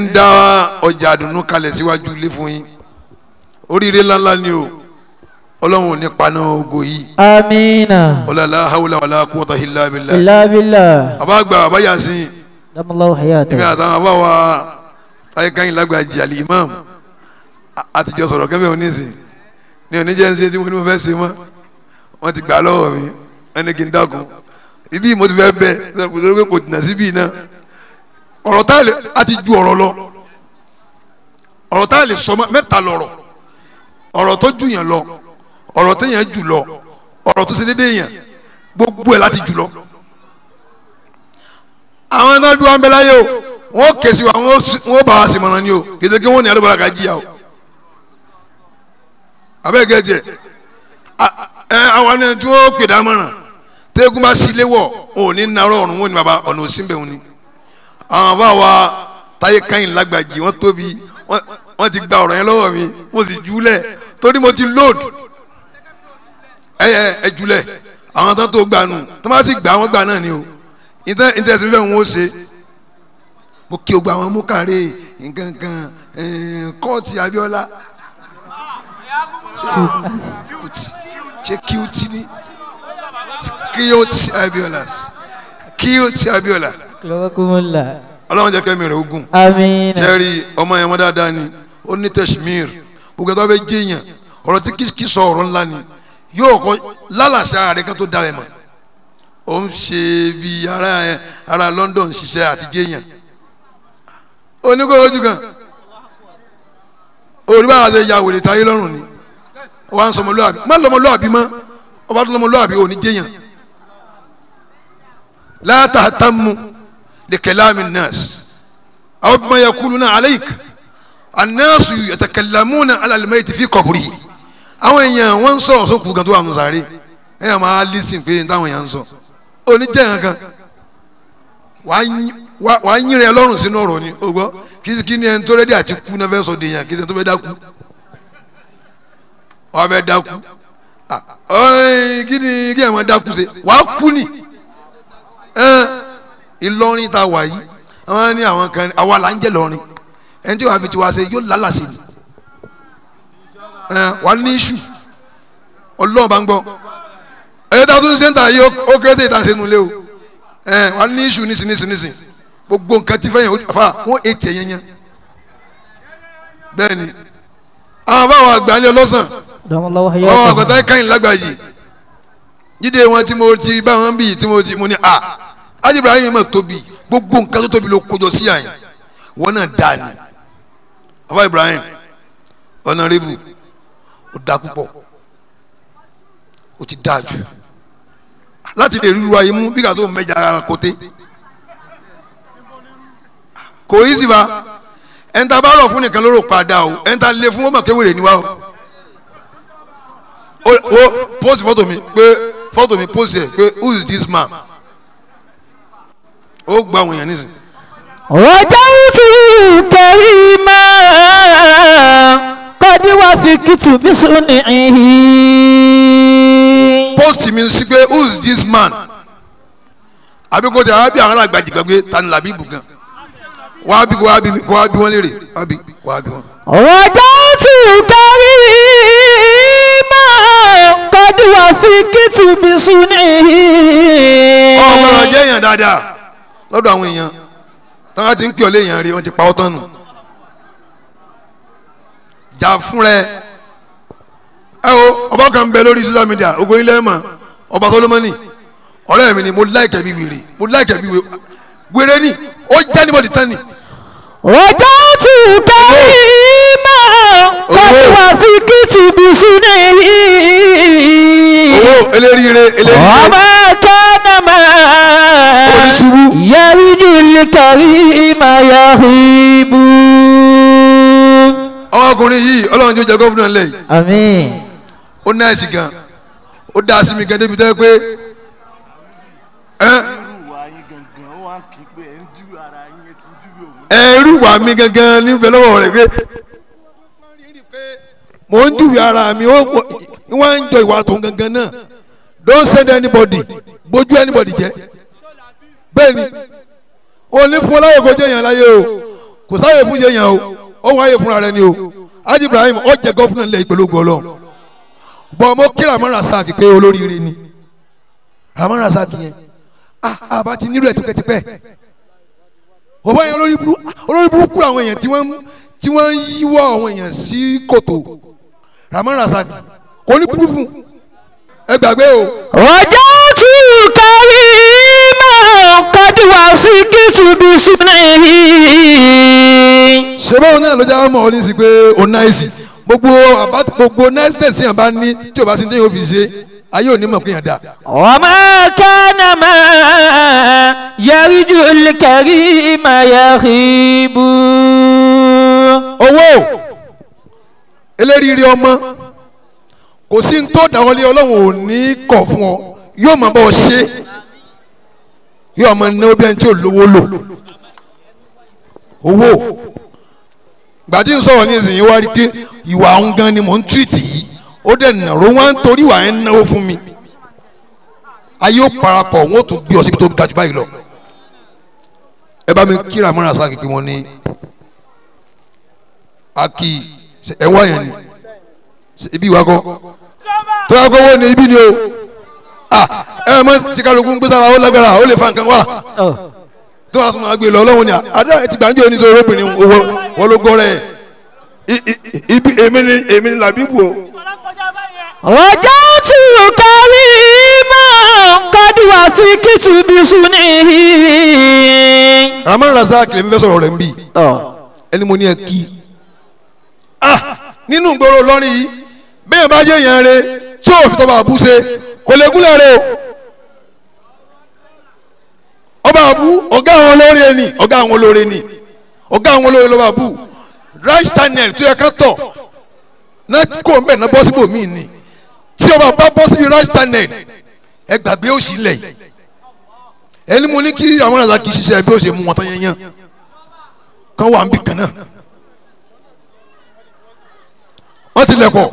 ń dá ọjà àdùnnú kalẹ̀ síwájú ilé fún yín oríire ńláńlá ni o ọlọ́run ní paná ogo yìí. amiina. ọlọ́lá hawla wàlá quwwata illa billah. illa billah. bàbá gba bàbá yasin. damalahu ìgbà àtàwọn bàbá wa ayíkáyìn lágbà jàlí imam àtijọ́ sọ̀rọ̀ kẹ́fẹ́ onísìn ní oníjẹ́nsẹ́ tí mo ní mo fẹ́ ṣe mọ́ wọ́n ti gbà lọ́wọ́ mi ẹni kì í dákun ibi mo ti fẹ́ bẹ́ẹ̀ kò tó kò tìǹà síbi náà ọ̀rọ̀ tá a lè a ti ju ọ̀rọ̀ lọ ọ̀rọ̀ tá a lè sọ mẹ́ta lọ̀rọ̀ ọ̀rọ̀ tó ju yàn lọ ọ̀rọ̀ tó yàn jù lọ ọ̀rọ̀ tó ṣe déédéé yàn gbogbo ẹ̀ láti jù lọ. àwọn náà dúró abẹ́lá yẹ o wọ́n kèsì wa wọ́n bá wa sèmọ̀nà ni o kèsìké wọ́n ní alóbọ̀lá ká jìyà o. abẹ́ẹ̀ gẹ́jẹ̀ ẹ àwọn ẹni tí wọ́n pè dámọ̀ràn tẹ́gùn bá sílé wọ̀ òní nàárọ̀ ọ̀run wọn ni bàbá ọ̀nà òsínbẹ̀ wọn àwọn bá wa táyé káyìn lágbàjì wọ́n tóbi wọ́n ti gba ọ̀rọ̀ yẹn lọ́wọ́ mi mo sì júlẹ̀ torí mo ti load ẹ ẹ ẹ júlẹ̀ àwọn tán tó gbà nù tó bá sì gbà wọ́n gbà náà ni o ìtẹ̀sí fẹ́ wọn ó ṣe mo kí o gba àwọn mọ́kàrè nǹkan kan kọ́ọ̀tì Abíọ́lá ṣe kí o ti ní kí o ti Abíọ́lá kí o ti Abíọ́lá ọlọ́run jẹ́ kẹ́mi rẹ̀ ogun sẹ́rí ọmọ yẹn wọ́n dáadáa ni ó ní tẹ̀símìr gbogbo ẹ̀tọ́ bẹ jẹ́yàn ọ̀rọ̀ tí kìí sọ ọ̀rọ̀ ńlá ni yóò kọ́ lálàsẹ̀ ara rẹ̀ kan tó dalẹ̀ mọ́ ó ń ṣe bí ara ara London ṣiṣẹ́ àti jẹ́yàn oníkóró ojú kan orí àti ìyá wèrè táyé lọ́rùn ni wọ́n á ń sọmọlúàbí má lọmọlúàbí mọ́ ọba tó lọmọlúàbí ò ní jẹ́yàn látàtàmù. لكلام الناس أو بما يقولون عليك الناس يتكلمون على الميت في قبره àwọn èèyàn wọ́n ń sọ̀rọ̀ sókù gan tó wà nù sàárè èèyàn máa lísìn pé táwọn èèyàn ń sọ oníjẹ́ kankan wàá yínrẹ̀ ọlọ́run sínú ọ̀rọ̀ ni o gbọ́ kí ni ẹni tó rẹ́dí àti kú náà fẹ́ sọ di èèyàn kí ni ẹni tó fẹ́ dákú wàá fẹ́ dákú kí ni kí ẹ̀ wọ́n dákú ṣe wàá kú ni. Ìlọrin tá a wà yìí àwọn ní àwọn kan àwa là ń jẹ lọrin ẹni tí wàá fi tiwa ṣe yóò lálàsì ni wàá ní iṣu ọlọ́run bá ń gbọ́ ẹ̀yẹ́ tá a tún ṣe ń tà yìí ó kéré tẹ̀ ìta ṣe nulẹ̀ o wàá ní iṣu nísinsìnyí gbogbo nǹkan tí fẹ́yìn àfa wọ́n ètì ẹ̀yẹ yẹn bẹ́ẹ̀ ni àwọn bá wà gbà ní ọlọ́sàn ọwọ́ àgbàtà ẹ̀ka ìlágbà yìí jíde wọn tí mo ti bá wọn bì tí mo ti mo ní a alájì ibrahim yẹn mọ̀ tóbi gbogbo nǹkan tó tóbi ló kójọ sí àyìn wọn náà dá ni bàbá ibrahim ọ̀nàrẹ́bù ó dá púpọ̀ ó ti dá jù láti lè ríru ayé mú bí kàtó mẹ́jà ara kòté kò yí sí ba ẹ̀ńtà bá rọ̀ fún nìkan lóró padà o ẹ̀ńtà lè fún ọmọ kéwèrè níwá o o pósì fọ́tò mi pé fọ́tò mi pósì ẹ̀ pé who is this man ó gba àwọn èèyàn nísìn. ọ̀rọ̀jà tù kẹrí máa kọ́dí wá fi kìtù bísú ní ìhìn. post mi sí pé who is this man àbíkó ti arábí àwọn alágbàjì gbàgbé tani làbí ibù gan wàá bí wàá bí wàá bí wọn léèrè wàá bí wàá bí wọn. ọ̀rọ̀jà tù kẹrí máa kọ́dí wá fi kìtù bísú ní ìhìn. ọ̀gbọ́n ọ̀jẹ̀ yẹn dáadáa lọ́dọ̀ àwọn èèyàn táwọn ti ń pè ọ́ léèyàn rí wọ́n ti pa ọ́ tán nù jà fún ẹ o ọba kan bẹ lórí social media ogun ilé ma ọba Solomoni ọ̀rẹ́ mi ni mo láìkẹ́ bí wèrè mo láìkẹ́ bí wèrè ni ó jẹ́ níbọ̀dì tán ni. ọjọ́ tí kárí mọ́ kọ́ni wà fi kìtìbì sí owó eléríire eléríire. ma. oníṣubú. yẹ́rì ọkùnrin yìí ọlọ́run tó jẹ lẹ́yìn. ó náà sì gan ó dá sí mi gan débi pé. ẹrú wà mí gangan níbẹ̀ lọ́wọ́ rẹ̀ pé mò ń ara mi wọ́n jọ ìwà tó gangan náà don't send bójú anybody jẹ́ bẹ́ẹ̀ ni òní fún ọláyè kò jẹ́ yàn láyé o kò sáyè fún jẹ́ yàn o òun ayé fúnra rẹ ni o Haji Ibrahim ó jẹ gọ́fúnà lẹ́yìn pẹ̀lú gọ́ọ̀lọ́ bọ̀ mo kí Rahman Razak pé olóríire ni Rahman Razak yẹn ah àbá ti nílò ẹ̀ tipẹ́tipẹ́ òbá yẹn olórí burúkú ah, àwọn èèyàn tí wọ́n tí wọ́n ń yíwọ́ àwọn èèyàn sí kòtò Rahman Razak kò ní kúrú ẹ gbàgbé o. ọjọ́ karimu kadiwa sí kìtù bí sunayi. ṣé báwo náà ló já mọ́ ọ ní sí pé o náìsì gbogbo àbá gbogbo náìsìtẹ̀ sí àbá ní tí o bá sí ní tẹ́yìn òfin ṣe ayé òní mọ̀ kéèyàn dá. ọmọ kánà máa yẹrí ju kẹrí máa yẹrí bú. owó eléríire ọmọ kò sí ní tó dáwọ́lé ọlọ́run ò ní kọ̀ fún ọ yóò máa bọ̀ ṣe yóò máa náwó bí ẹni tí ò lówó lò owó gbàtí n sọ̀rọ̀ ní ìsìn yìí wá rí pé ìwà òun gan ni mò ń tírìtì yìí ó dẹ̀ nàró wá ń torí wà ń náwó fún mi ayé ó parapọ̀ wọn tún gbé ọ síbi tó ga jù báyìí lọ ẹ bá mi kíra mọ́ra sáà pé wọ́n ní aki ẹ wá yẹn ni ibi ìwà kọ́ tó bá kọ́ wọ́n ní ibi ni o. Ah, ẹ mọ tí kálukú ń gbé sára ó lágbára ó lè fa nǹkan sọmọ àgbè lọ ọlọ́run ni àdá ẹ ti gbàǹjọ ní sọ̀rọ̀ obìnrin wọ́n ló gọ́ ibi èmi ni èmi ni làbíbù o. ọjọ́ tí o kọrí máa ń sí kìtìbí sùn nìyí. Rahman Razak lèmi fẹ́ sọ̀rọ̀ rẹ̀ ń bì ẹni mo ní ẹ kí ah, nínú ìgboro lọ́rin yìí bẹ́ẹ̀ bá jẹ́ yẹn re tí òfin tó bá bú ṣe kò lè gúnlẹ̀ rẹ o ọba àbú ọ̀gá àwọn olóore ni ọ̀gá àwọn olóore ni ọ̀gá àwọn olóore lọ́ba àbú right channel tó yẹ ká tọ̀ náà kò ń bẹ̀ ná bọ́sibò míì ni tí ọba bá bọ́sibi right channel ẹ gbàgbé òsì lẹ̀ ẹni mo ní kí àwọn àzàkì ṣiṣẹ́ bí ó ṣe mú wọn tán yẹn yẹn kan wà ń bì kan náà wọ́n ti lẹ̀ pọ̀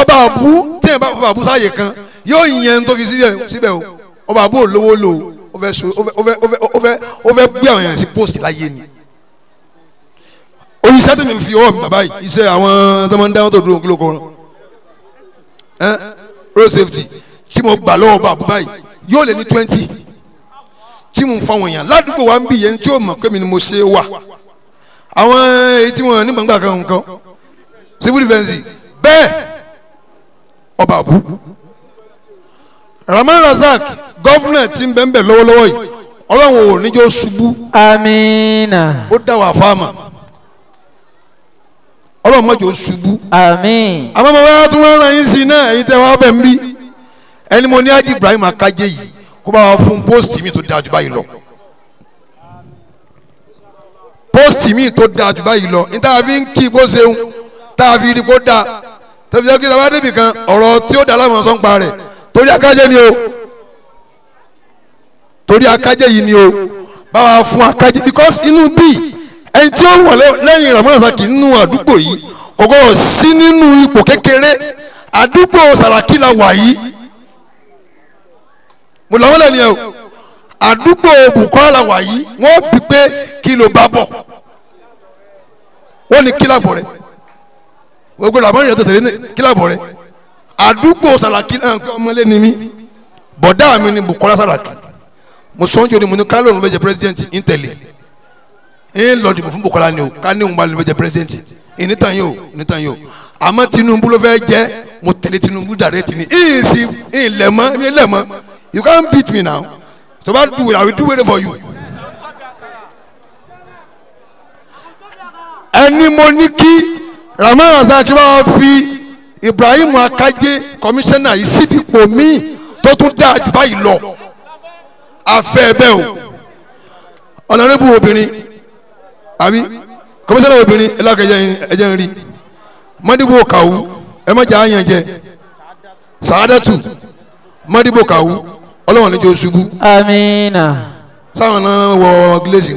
ọba àbú tí ẹ̀ bá fọ àbú kan yóò yẹn tó fi síbẹ̀ o ọba àbúrò lówó lò ó fẹ́ so ó fẹ́ gbé àwọn èèyàn sí post láyé ni oníṣẹ́ tèmi fi ọwọ́ mi bàbá yìí iṣẹ́ àwọn tó máa ń dáwọ́ tó dúró kílò kọ́rọ́ ẹ road safety tí mo gbà lọ́wọ́ bá àbúrò yìí yóò lé ní twenty tí mo ń fáwọn èèyàn ládùúgbò wa ń bì yẹn tí ó mọ̀ pé mi ni mo ṣe wà àwọn èyí tí wọn ní gbàngbà kan nǹkan civil defence bẹ́ẹ̀ ọba àbú Rahman Razak gọ́fúnà tí ń bẹ́ẹ̀ lọ́wọ́lọ́wọ́ yìí ọlọ́run ò níjọ́ ṣubú. amiina. ó dá wà fáàmà ọlọ́run mọ̀jọ́ ṣubú. àmín. àmọ́ mo wáyà wọ́n rán yín sí náà èyí tẹ́ wá bẹ̀ ń bí ẹni mo ní Haji Ibrahim Akaje yìí kó bá wa fún póòsì mi tó dáa jù báyìí lọ póòsì mi tó dáa jù báyìí lọ ní táà fi ń kí bó ṣeun táà fi rí bó dáa tẹ̀síọ́ kí sábà débì kan ọ̀rọ̀ tí ó dá láwọn sọ́ńpa rẹ̀ torí akájẹ́ ni o torí akájẹ́ yìí ni o báwa fún akájẹ́ because inú bíi ẹni tí ó wọ̀ lẹ́yìn Ramadan Saki nínú àdúgbò yìí kò gbọ́dọ̀ sí nínú ipò kékeré àdúgbò Sàràkí la wà yìí mo làwọn lẹ́nu yẹn o àdúgbò Bukola la wà yìí wọ́n bí pé kí ló bá bọ̀ wọ́n ní kí làbọ̀ rẹ̀ gbogbo làbọ̀ rẹ̀ tètè kí làbọ̀ rẹ̀ àdúgbò sàlàkì náà kí ọmọlé ni mí bọ̀dá mi ni Bukola Saraki mo sọ́njọ́ ni mo ní ká lóun fẹ́ jẹ president ń tẹ̀lé ń lọ dìbò fún Bukola ni o ká ní òun bá lóun fẹ́ jẹ president ìnítàn yìí o ìnítàn yìí o àmọ́ Tinubu ló fẹ́ jẹ́ mo tẹ̀lé Tinubu direct ni ń sì ń lẹ̀ mọ́ ń lẹ̀ mọ́ you can't beat me now so bá do it I will do for you. ẹni mo ní kí Ramon Razak bá fi. Ibrahim Akaje kọmíṣánná yìí síbi ipò míì tó tún dá àjù báyìí lọ afẹ́ bẹ́ẹ̀ o ọ̀nàrẹ́bù obìnrin àbí kọmíṣánná obìnrin ẹlẹ́kẹ̀jẹ̀ ẹ̀jẹ̀ ń rí mọ́dìbò kàwú ẹ má jà àyàn jẹ sàádẹ́tù mọ́dìbò kàwú ọlọ́wọ́n níjó ṣubú. amiina. sáwọn náà wọ gílẹ́sì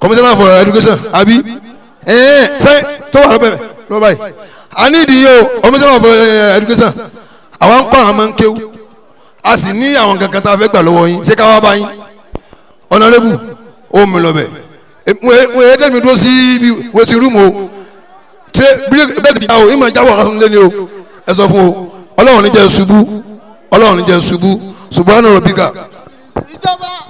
kọmíṣánná for education àbí ẹ̀ẹ́n sẹ́yìn tó wà lọ́bẹ̀rẹ̀ lọ́bàá yìí a ní ìdíyẹ o ọmọ sábà fọ education àwọn ń kọ́ àwọn máa ń kéwú a sì ní àwọn kankan tá a fẹ́ gbà lọ́wọ́ yín ṣé ká wá bá yín ọ̀nàdébù ó mi lọ bẹ̀ wọ́n eh, yẹ eh, dẹ́mi dúró sí ibi wọ́n ti rúmù o ṣé bẹ́ẹ̀ ti jáwọ́ ìmọ̀ jáwọ́ ọ̀hún lé ní o ẹ sọ fún o ọlọ́run ní jẹ́ ṣubú ọlọ́run ní jẹ́ ṣubú ṣùgbọ́n àná rọ̀ bíkà. ìjọba